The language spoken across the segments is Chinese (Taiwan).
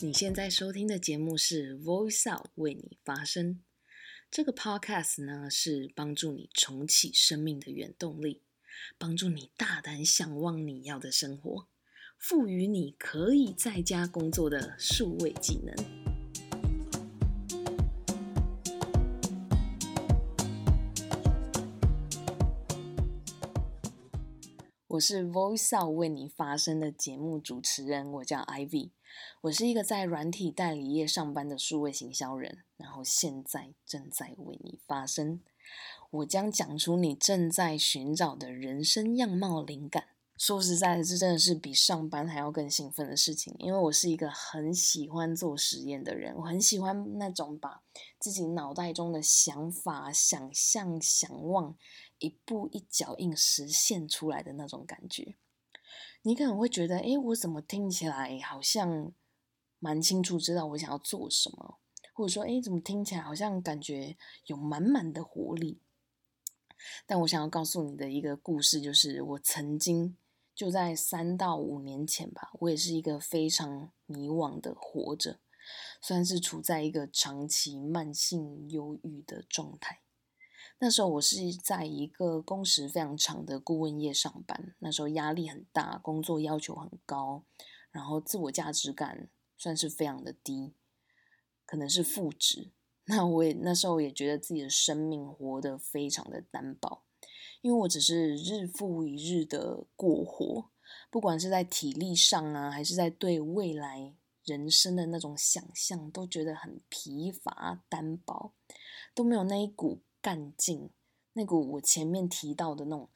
你現在收聽的節目是《Voice Out 為你發聲》。這個 Podcast 呢，是幫助你重啟生命的原動力，幫助你大膽嚮往你要的生活，賦予你可以在家工作的數位技能。我是《Voice Out 為你發聲》的節目主持人，我叫 Ivy。我是一個在軟體代理業上班的數位行銷人，然後現在正在為你發聲。我將講出你正在尋找的人生樣貌靈感。說實在的，這真的是比上班還要更興奮的事情，因為我是一個很喜歡做實驗的人，我很喜歡那種把自己腦袋中的想法、想象、想望，一步一腳印實現出來的那種感覺。你可能會覺得，誒，我怎麼聽起來好像蠻清楚知道我想要做什麼，或者說，誒，怎麼聽起來好像感覺有滿滿的活力？但我想要告訴你的一個故事，就是我曾經就在三到五年前吧，我也是一個非常迷惘的活着，雖然是處在一個長期慢性憂鬱的狀態。那時候我是在一個工時非常長的顧問業上班，那時候壓力很大，工作要求很高，然後自我價值感算是非常的低，可能是負值。那我也，那時候我也覺得自己的生命活得非常的單薄，因為我只是日復一日的過活，不管是在體力上啊，還是在對未來人生的那種想象，都覺得很疲乏、單薄，都沒有那一股。幹勁，那股我前面提到的那種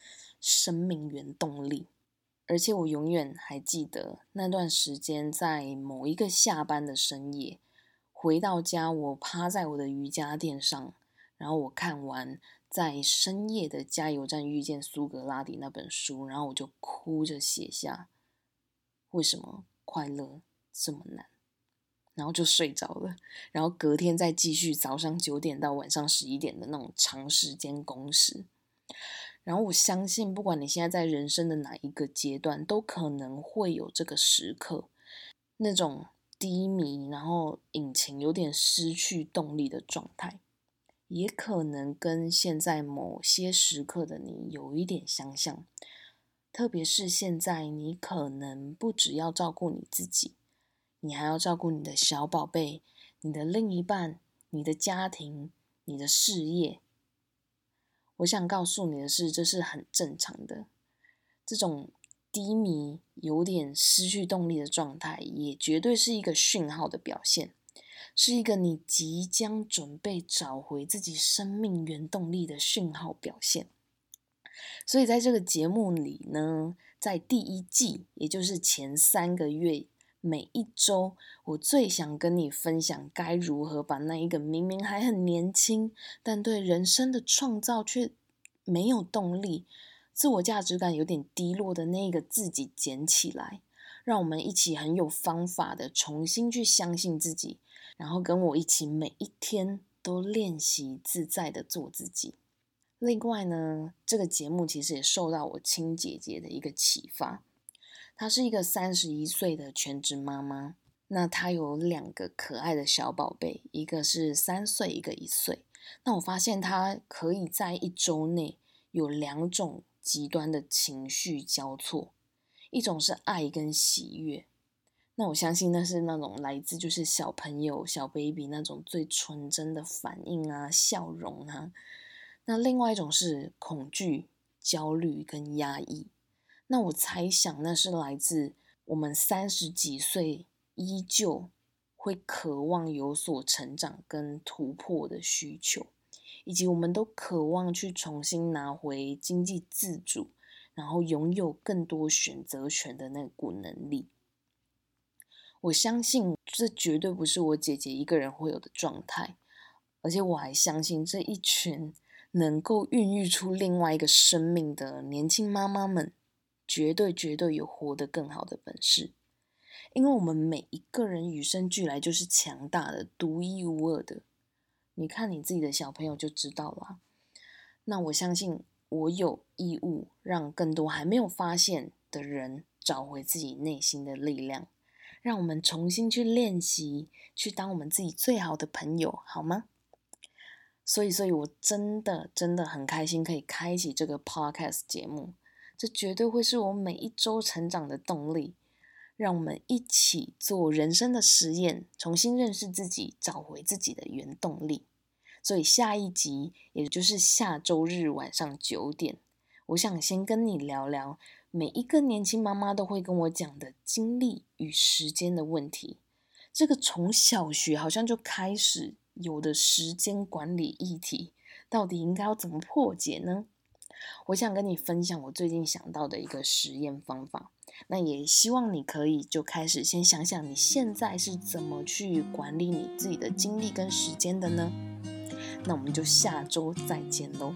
生命原動力，而且我永遠還記得那段時間，在某一個下班的深夜回到家，我趴在我的瑜伽墊上，然後我看完在深夜的加油站遇見蘇格拉底那本書，然後我就哭着寫下：為什麼快樂這麼難？然後就睡着了，然後隔天再繼續早上九點到晚上十一點的那種長時間工時。然後我相信，不管你現在在人生的哪一個階段，都可能會有這個時刻，那種低迷，然後引擎有點失去動力的狀態，也可能跟現在某些時刻的你有一點相像。特別是現在，你可能不只要照顧你自己。你還要照顧你的小寶貝、你的另一半、你的家庭、你的事業。我想告訴你的是，這是很正常的。這種低迷、有點失去動力的狀態，也絕對是一個訊號的表現，是一個你即將準備找回自己生命原動力的訊號表現。所以在這個節目裡呢，在第一季，也就是前三個月。每一週，我最想跟你分享該如何把那一個明明還很年輕，但對人生的創造卻沒有動力、自我價值感有點低落的那一個自己撿起來，讓我們一起很有方法的重新去相信自己，然後跟我一起每一天都練習自在的做自己。另外呢，這個節目其實也受到我親姐姐的一個啟發。她是一個三十一歲的全職媽媽，那她有兩個可愛的小寶貝，一個是三歲，一個一歲。那我發現她可以在一周內有兩種極端的情緒交錯，一種是愛跟喜悅，那我相信那是那種來自就是小朋友，小 baby 那種最純真的反應啊，笑容啊。那另外一種是恐懼、焦慮跟壓抑。那我猜想，那是來自我們三十幾歲依舊會渴望有所成長跟突破的需求，以及我們都渴望去重新拿回經濟自主，然後擁有更多選擇權的那股能力。我相信這絕對不是我姐姐一個人會有的狀態，而且我還相信這一群能夠孕育出另外一個生命的年輕媽媽們。絕對絕對有活得更好的本事，因為我們每一個人與生俱來就是強大的、獨一無二的。你看你自己的小朋友就知道了啊。那我相信我有義務讓更多還沒有發現的人找回自己內心的力量，讓我們重新去練習，去當我們自己最好的朋友，好嗎？所以，所以我真的真的很開心可以開啟這個 podcast 節目。這絕對會是我每一周成長的動力。讓我們一起做人生的實驗，重新認識自己，找回自己的原動力。所以下一集，也就是下周日晚上九點，我想先跟你聊聊每一個年輕媽媽都會跟我講的精力與時間的問題。這個從小學好像就開始有的時間管理議題，到底應該要怎麼破解呢？我想跟你分享我最近想到的一個實驗方法，那也希望你可以就開始先想想你現在是怎麼去管理你自己的精力跟時間的呢？那我們就下周再見嘍。